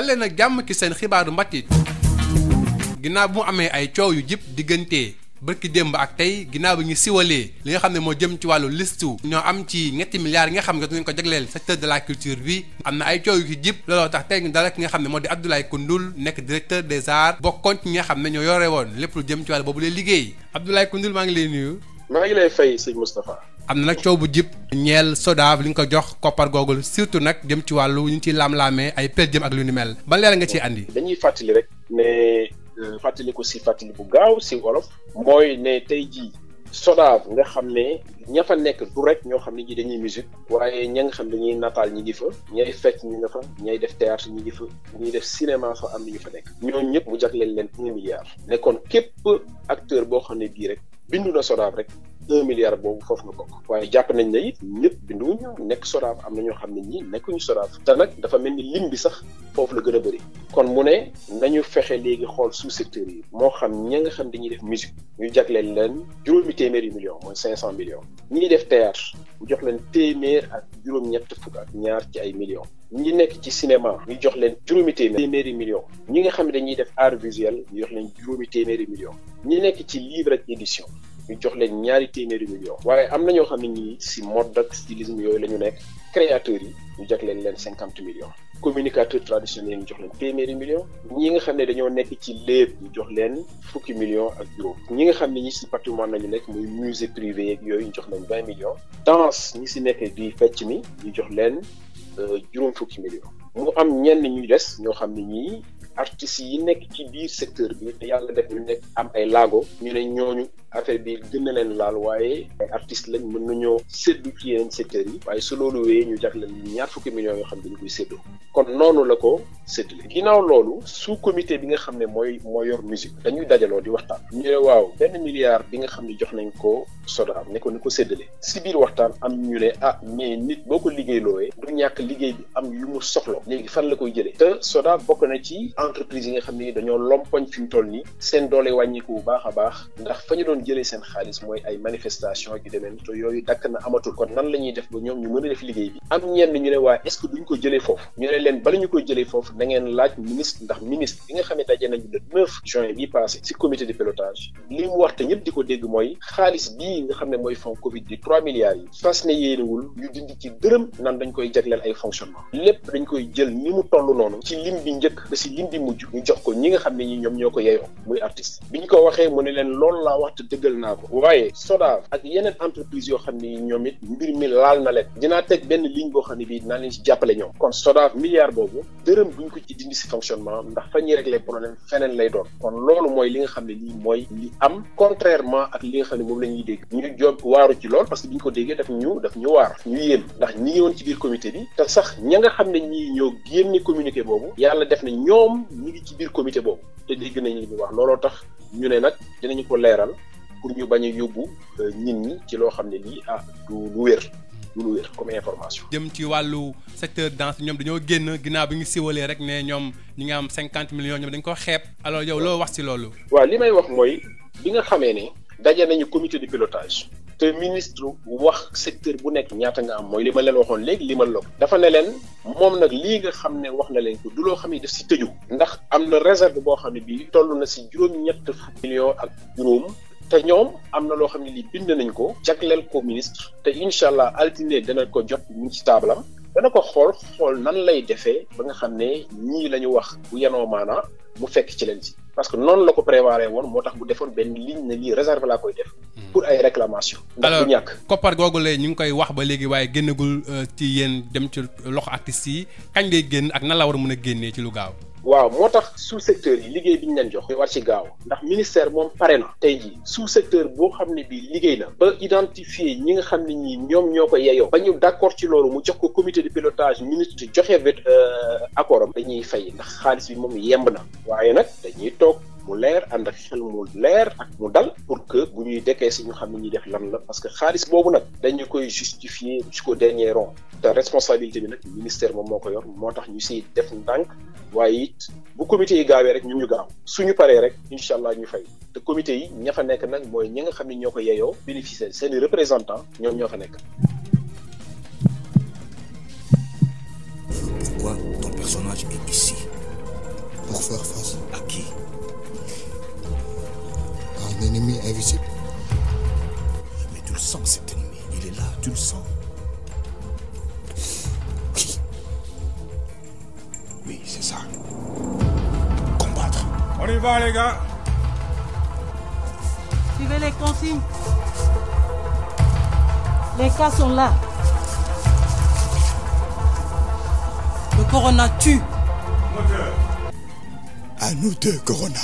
dalee na jàmm ci seen xibaaru mbatit ginnaaw bu mu amee ay coow yu jib diggante bërki démb ak tey ginnaaw bi ñu siwalee li nga xam ne moo jëm ci wàllu liste ñoo am ci ñetti milliards yi nga xam ne dinañ ko jagleel secteur de la culture bi am na ay coow yu ci jib looloo tax tey ñu dalal ki nga xam ne moo di Abdoulaye Koundoul nekk directeur des arts bokkoon ci ñi xam ne ñoo yore woon lépp lu jëm ci wàllu boobu lay liggéey Abdoulaye Koundoul maa ngi lay nuyu. maa ngi lay fay sëñ Moustapha. am na nag coow bu jib ñeel SODAV li nga ko jox koppar googul surtout nag jëm ci wàllu ñu ciy laam-laamee ay pel jëm ak lu ni mel ban leeral nga ciy andi. dañuy fàttali rek ne euh, fàttali ko si fàttali bu gaaw si wolof. mooy ne tey jii. SODAV nga xam ne ña fa nekk du rek ñoo xam ne ji dañuy musique waaye ña nga xam ne ñuy nataal ñi ngi fa ñay fecc ñi nga fa ñay def théâtre ñi ngi fa ñuy def cinéma fa am na ñu fa nekk ñooñu ñëpp mu jagleel leen un milliard ne kon képp acteur boo xam ne bii rek bindu na SODAV rek un milliard boobu foofu la bokk waaye jàpp nañ ne it ñëpp binduwuñu nekk soraaf am na ñoo xam ne ñii nekkuñu soraaf te nag dafa mel ni lim bi sax foofu la gën a bëri kon mu ne na nañu fexe léegi xool sous secteur yi moo xam ña nga xam dañuy def musique ñu jagleel leen juróomi téeméeri millions mooy cinq cent millions ñi def théâtre ñu jox leen téeméer ak juróom-ñett fukk ak ñaar ci ay millions ñi nekk ci cinéma ñu jox leen juróomi téeméeri million ñi nga xam ne dañuy def art visuel ñu jox leen juróomi téeméeri millions ñi nekk ci livre ak édition ñu jox leen ñaari téeméeri millions waaye am na ñoo xam ne ñii si mode ak stylisme yooyu la ñu nekk créateurs yi ñu jox leen leen cinquante millions communicateurs traditionnels ñu jox leen téeméeri millions ñi nga xam ne dañoo nekk ci léeb ñu jox leen fukki million ak juróom ñi nga xam ne ñi si patrimoine lañu nekk muy musée privé yeeg yooyu ñu jox leen vingt millions danse ñi si nekk di fecc mi ñu jox leen euh, juróom fukki millions mu am ñenn ñuy des ñoo xam ne ñii artistes yi nekk ci biir secteur bi te yàlla def ñu nekk am ay laago ñu ne ñooñu affaire bi gën na leen laal waaye ay artistes lañ mën nañoo séddu ci yeneen secteurs yi waaye su loolu wéyee ñu jagleel ñaar fukki millions yoo xam ne dañu koy séddoo kon noonu la ko séddale ginnaaw loolu sous comité bi nga xam ne mooy moo yor musique dañuy dajaloo di waxtaan ñu ne waaw benn milliard bi nga xam ne jox nañ ko Sodaar ne ko ni ko séddale si biir waxtaan am ñu ne ah mais nit boo ko liggéeyloowee du ñàkk liggéey bi am yu mu soxla léegi fan la koy jëlee te Sodaar bokk na ci entreprise yi nga xam ne dañoo lompoñ fi mu toll nii seen doole wàññiku bu baax a baax daan jëlee seen xaalis mooy ay manifestation yu demee te yooyu dakk na amatul kon nan la def ba ñoom ñu mën a def liggéey bi am ñenn ñu ne waa est duñ ko jëlee foofu ñu ne leen bala koy jëlee foofu na laaj ministre ndax ministre bi nga xam ne daje nañu le 9 juin bi passé si comité de pilotage li mu wax di ko dégg mooy xaalis bii nga xam ne mooy fonds covid bi trois milliards yi fas ne yéenewul ñu dindi ci dërëm nan dañ dëggal naa ko waaye Sodav ak yeneen entreprise yoo xam ne ñoom it mbir mi laal na leen dinaa teg benn ligne boo xam ne bii naa leen si jàppale ñoom kon Sodav milliard boobu dërëm duñ ko ci dindi si fonctionnement ndax fa ñuy régler problème lay doon kon loolu mooy li nga xam ne lii mooy am contrairement ak li nga xam ne moom la ñuy dégg ñu job waaru ci lool parce que bi ñu ko déggee daf ñu daf ñu waar ñu yéem ndax ñi ngi woon ci biir comité bi te sax ña nga xam ne ñii ñoo génne communiqué boobu yàlla def na ñoom ñi ngi ci biir comité boobu te dégg nañ li ñu wax looloo tax ñu ne nag dinañu ko leeral pour ñu bañ a yóbbu euh, nit ñi ci loo xam ne lii ah du lu wér du lu wér comme information. jëm ci wàllu secteur danse ñoom dañoo génn ginnaaw bi ñu siwalee rek ne ñoom ñi nga am cinquante millions ñoom dañ ko xeeb. alors yow loo wax ci loolu. waaw li may wax mooy bi nga xamee ne daje nañu comité de pilotage. te ministre bu wax secteur bu nekk ñaata nga am mooy li ma leen waxoon léegi li ma lok dafa ne leen moom nag lii nga xam ne wax na leen ko du loo xam ne daf si tëju. ndax am na réserve boo xam ne bii toll na si juróom-ñett ak juróom. te ñoom am na loo xam ne li bind nañ ko jagleel ko ministre te incha allah altine dana ko jot mu ngi ci taabalam dana ko xool xool nan lay defee ba nga xam ne ñii la ñu wax bu yenoo maanaa mu fekk ci leen ci parce que noonu la ko prévoir woon moo tax bu defoon benn ligne ne lii réserve laa koy def. Hmm. pour ay réclamation ndax du ñàkk alors koppar googu la ñu ngi koy wax ba léegi waaye génnagul euh, ci yéen dem ci loxo artistes yi kañ lay génn ak nan la war a mën a génnee ci lu waaw moo tax sous secteur yi liggéey bi ñu leen jox war ci gaaw ndax ministère moom pare na tey jii sous secteur boo xam ne bii liggéey na ba identifier ñi nga xam ne ñii ñoom ñoo ko yeyoo ba ñu d' accord ci loolu mu jox ko comité de pilotage ministre di joxe vet euh, accord am dañuy fay ndax xaalis bi moom yemb na waaye nag dañuy toog mu leer ànd ak xel mu leer ak mu dal pour que bu ñuy dekkee si ñu xam ne ñuy def lan la parce que xaalis boobu nag dañu koy justifier jusqu'au dernier rond te responsabilité bi nag ministère moom moo ko yor moo tax ñu si def ndànk waaye it bu comité yi gaawee rek ñun ñu gaaw suñu paree rek incha allah ñu fay te comité yi ña fa nekk nag mooy ñi nga xam ne ñoo ko yeyoo bénéficiaire seeni représentant représentants ñoom ñoo fa nekk. un ennemi invisible. Mais tu le sens, cet ennemi. Il est là, tu le sens. Oui, c'est ça. Combattre. On y va, les gars. Suivez les consignes. Les cas sont là. Le corona tue. À nous deux, Corona.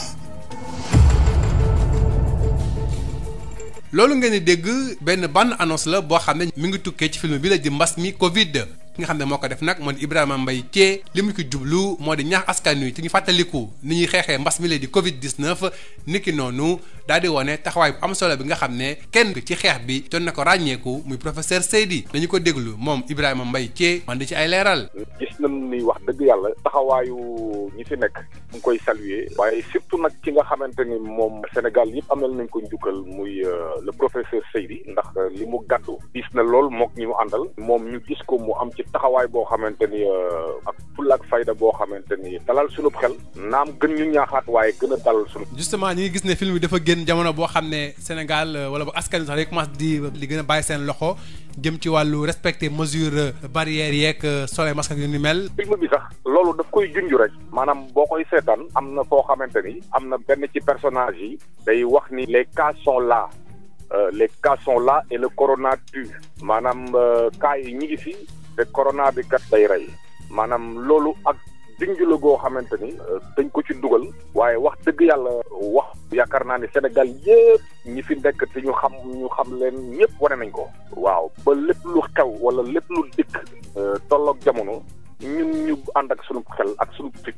loolu ngeen di dégg benn bande annonce la boo xam ne mi ngi tukkee ci film bi la di mbas mi Covid. ki nga xam ne moo ko def nag moo di Ibrahima Mbaye Thié li mu ko jublu moo di ñax askan wi te ñu fàttaliku ni ñuy xeexee mbas mi la di Covid 19 niki noonu daal di wane taxawaay bu am solo bi nga xam ne kenn ci xeex bi doon na ko ràññeeku muy professeur Seydi dañu ko déglu moom Ibrahima Mbaye Thié man ci ay leeral. gis nañ ni wax dëgg yàlla taxawaayu ñi fi nekk. ngi koy saluer waaye surtout nag ki nga xamante ni moom Sénégal yëpp amal nañ ko njukkal muy euh, la professeur Seydi ndax euh, li mu gàddu gis na lool mook ñi àndal moom ñu gis ko mu am ci taxawaay boo xamante ni euh, ak fulla ak fayda boo xamante ni dalal sunu xel naam gën ñu ñaaxaat waaye gën a dalal sunu justement ñi ngi gis ne film bi dafa génn jamono boo xam ne Sénégal euh, wala boog askan wi sax di li gën a bàyyi seen loxo jëm ci wàllu respecter mesure euh, barrières yeeg euh, soleil masque yu ni mel film bi sax loolu daf koy junj rek maanaam boo koy seetaan am na foo xamante ni am na benn ci personage yi day wax ni les cas sont là les cas la là et le corona tue maanaam cas yi ñi ngi fi te corona bi kat day rey maanaam loolu ak junj la goo xamante ni euh, dañ ko ci dugal waaye wax dëgg yàlla wax yaakaar naa ni Sénégal yëpp ñi fi nekk te ñu xam ñu xam leen ñëpp ware nañ ko waaw ba lépp lu xew wala lépp lu dikk euh, tollook jamono ñun ñu ànd ak sunu xel ak sunu fit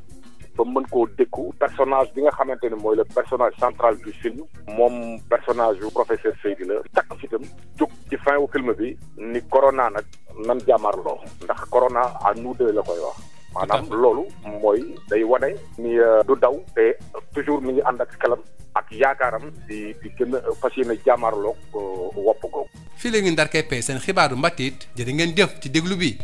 ba mën ko dëkku personnage bi nga xamante ne mooy le personnage centrale du film moom personnage bu professeur Seydi la takk fitam jóg ci fin wu film bi ni corona nag nan jàmmarloo ndax corona à nous deux la koy wax maanaam loolu mooy day wane ni euh, du daw te toujours mi ngi ànd ak xelam ak yaakaaram di di gën a fas euh, wopp googu fii la ngi ndar keppee seen xibaaru mbàttiit jërë ngeen jëf ci déglu bi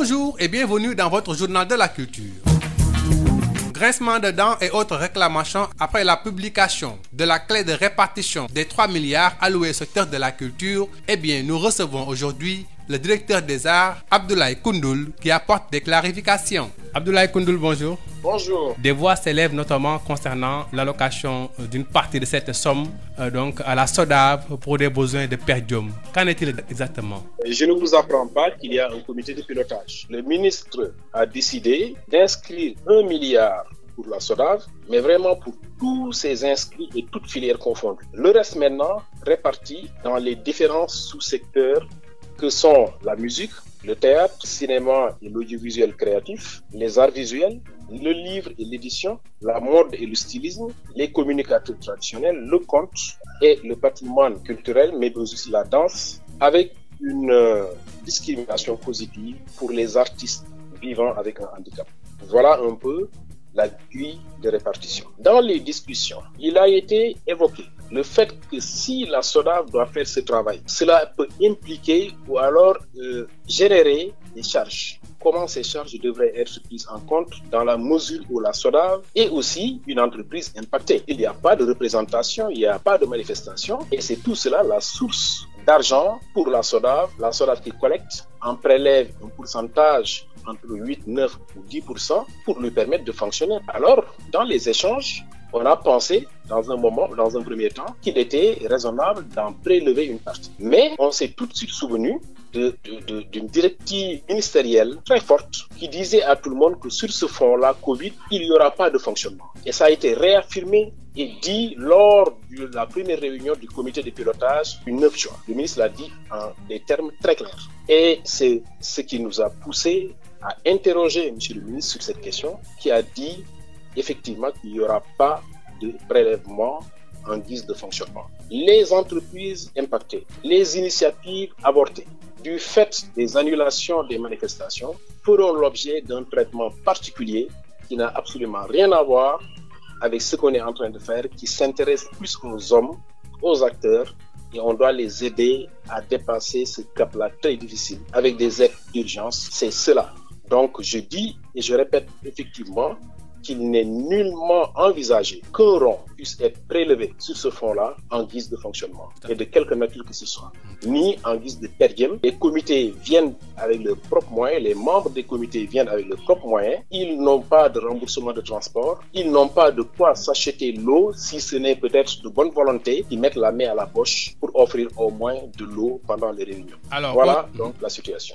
Bonjour et bienvenue dans votre journal de la culture. Grincement de dents et autres réclamations après la publication de la clé de répartition des 3 milliards alloués au secteur de la culture, eh bien nous recevons aujourd'hui le directeur des arts, Abdoulaye Koundoul, qui apporte des clarifications. Abdoulaye Koundoul, bonjour. Bonjour. Des voix s'élèvent notamment concernant l'allocation d'une partie de cette somme euh, donc à la SODAV pour des besoins de perdium. Qu'en est-il exactement Je ne vous apprends pas qu'il y a un comité de pilotage. Le ministre a décidé d'inscrire un milliard pour la SODAV, mais vraiment pour tous ces inscrits et toutes filières confondues. Le reste maintenant réparti dans les que sont la musique, le théâtre, le cinéma et l'audiovisuel créatif, les arts visuels, le livre et l'édition, la mode et le stylisme, les communicateurs traditionnels, le conte et le patrimoine culturel, mais aussi la danse, avec une euh, discrimination positive pour les artistes vivant avec un handicap. Voilà un peu la Dans les discussions, il a été évoqué le fait que si la SODAV doit faire ce travail, cela peut impliquer ou alors euh, générer des charges. Comment ces charges devraient être prises en contre dans la mesure où la SODAV et aussi une entreprise impactée. Il n'y a pas de représentation, il n'y a pas de manifestation et c'est tout cela la source d'argent pour la SODAV, la SODAV qui collecte, en prélève un pourcentage entre 8, 9 ou pour lui permettre de fonctionner. Alors, dans les échanges, on a pensé, dans un premier temps, qu'il était raisonnable d'en prélever une partie. Mais on s'est tout de suite souvenu d'une directive ministérielle très forte qui disait à tout le monde que sur ce fonds-là, Covid, il n'y aura pas de fonctionnement. Et ça a été réaffirmé et dit lors de la première réunion du comité de pilotage du 9 juin. Le ministre l'a dit en des termes très clairs. Et c'est ce qui nous a poussé à interroger M. le ministre sur question, qui a dit effectivement qu'il n'y aura pas de prélèvement en guise de fonctionnement. Les entreprises impactées, les initiatives avortées, du fait des annulations des manifestations, feront l'objet d'un traitement particulier qui n'a absolument rien à voir avec ce qu'on est en train de faire, qui s'intéresse plus aux hommes, aux acteurs, et on doit les aider à dépasser ce cap-là très difficile avec des aides d'urgence. C'est cela. Donc je dis et je répète effectivement qu'il n'est nullement envisagé qu'un rond puisse être prélevé sur ce fonds-là en guise de fonctionnement et de quelque nature que ce soit, ni en guise de perdième. Les comités viennent avec leurs propres moyens, les membres des comités viennent avec leurs propres moyens, ils n'ont pas de remboursement de transport, ils n'ont pas de quoi s'acheter l'eau si ce n'est peut-être de bonne volonté qui mettent la main à la poche pour offrir au moins de l'eau pendant la situation.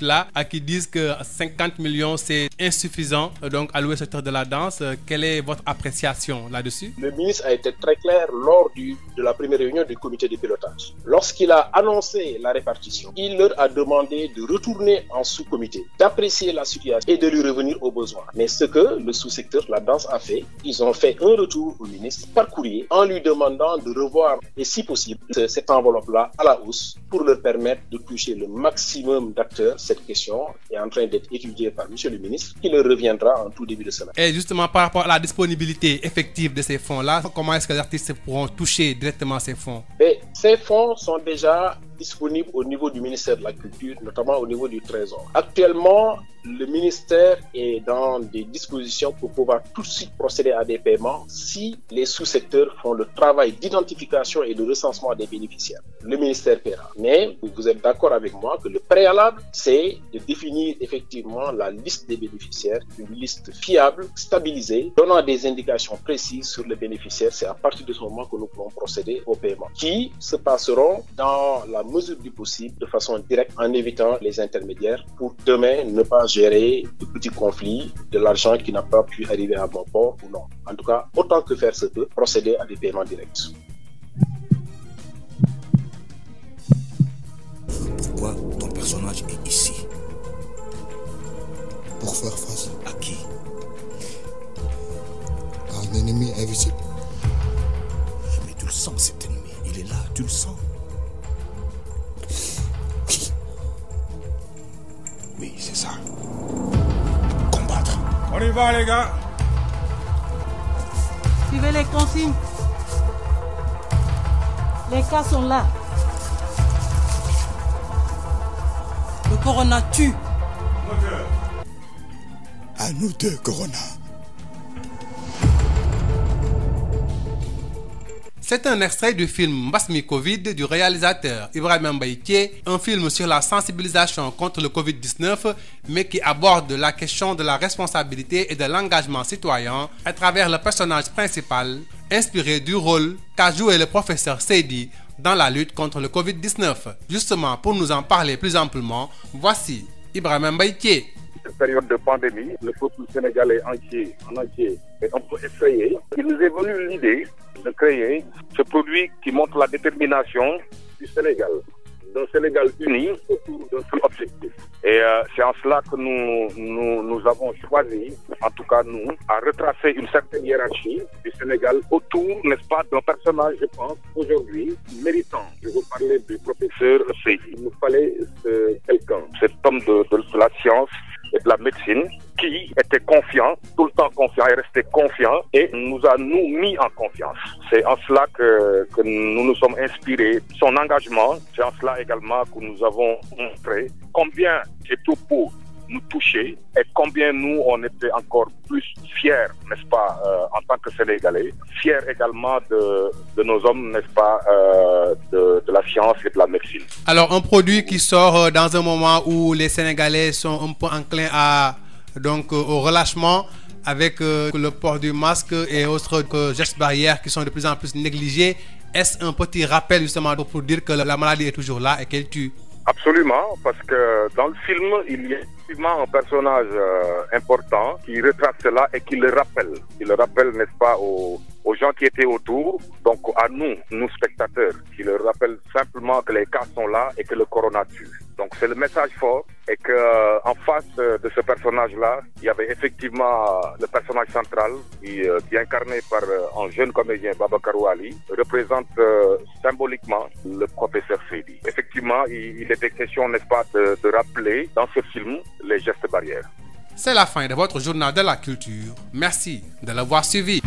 la là à euh, qui disent que 50 millions, c'est insuffisant euh, donc alloué au secteur de la danse. Euh, quelle est votre appréciation là-dessus Le ministre a été très clair lors du, de la première réunion du comité de pilotage. Lorsqu'il a annoncé la répartition, il leur a demandé de retourner en sous-comité, d'apprécier la situation et de lui revenir aux besoins. Mais ce que le sous-secteur, la danse, a fait, ils ont fait un retour au ministre par courrier en lui demandant de revoir et si possible cette enveloppe-là à la hausse pour leur permettre de toucher le cette question est en train d'être étudiée par Monsieur le ministre, qui leur reviendra en tout début de semaine. Et justement, par rapport à la disponibilité effective de ces fonds-là, comment est-ce que les artistes pourront toucher directement ces fonds Et Ces fonds sont déjà disponible au niveau du ministère de la Culture, notamment au niveau du Trésor. Actuellement, le ministère est dans des dispositions pour pouvoir tout de suite procéder à des paiements si les sous-secteurs font le travail d'identification et de recensement des bénéficiaires. Le ministère paiera. Mais vous êtes d'accord avec moi que le préalable, c'est de définir effectivement la liste des bénéficiaires, une liste fiable, stabilisée, donnant des indications précises sur les bénéficiaires. à partir de ce moment que nous pourrons procéder aux la mesure de façon directe en évitant les intermédiaires pour demain ne pas gérer de petits conflits, de l'argent qui n'a pas pu arriver à bon port ou non. En tout cas, autant que faire se peut, procéder à des paiements directs. Pourquoi ton personnage est ici Pour faire face à qui À ennemi invisible. il est là, tu le sens. Oui, c'est ça. Combattre. On y va, les gars. Suivez les consignes. Les cas sont là. Le corona tue. À nous deux, corona. C'est un extrait du film Mbas mi Covid du réalisateur Ibrahima Mbaye Thié, un film sur la sensibilisation contre le Covid-19, mais qui aborde la question de la responsabilité et de l'engagement citoyen à travers le personnage principal, inspiré du rôle qu'a joué le professeur Seydi dans la lutte contre le Covid-19. Justement, pour nous en parler plus amplement, voici Ibrahima Mbaye Thié. cette période de pandémie, le peuple sénégalais entier, en entier est un peu effrayé. Il nous est venu l'idée de créer ce produit qui montre la détermination du Sénégal, d'un Sénégal uni autour d'un seul objectif. Et euh, c'est en cela que nous, nous, avons choisi, en tout cas nous, à retracer une certaine hiérarchie du Sénégal autour, nest pas, d'un personnage, je pense, aujourd'hui méritant. Je veux parler du professeur Seydi. Il nous fallait euh, quelqu'un, cet homme de, la médecine qui était confiant, tout le temps confiant et restait confiant et nous a nous mis en confiance. C'est en cela que, que nous nous sommes inspirés. Son engagement, c'est en cela également que nous avons montré combien ses propos nous touchait et combien nous, on était encore plus fiers, n'est-ce pas, euh, en tant que Sénégalais, fiers également de, nos hommes, n'est-ce pas, euh, de, la science et de la médecine. Alors, un produit qui sort euh, dans un moment où les Sénégalais sont un peu enclins à, donc, euh, au relâchement avec le port du masque et autres gestes barrières qui sont de plus en plus négligés. Est-ce un petit rappel pour dire que la maladie est toujours là et qu'elle tue Absolument, parce que dans le film, il y a effectivement un personnage euh, important qui retrace cela et qui le rappelle. Il le rappelle, n'est-ce pas, aux, gens qui étaient autour, donc à nous, nous spectateurs, qui le rappelle simplement que les cas sont là et que le corona tue. Donc c'est le message fort et que euh, en face euh, de ce personnage-là, il y avait effectivement euh, le personnage central qui, euh, qui est incarné par euh, un jeune comédien, Baba Karouali, représente symboliquement le professeur Seydi. Effectivement, il, il, était question, n'est-ce pas, de rappeler dans ce film les gestes barrières. C'est la fin de votre journal de la culture. Merci de l'avoir suivi.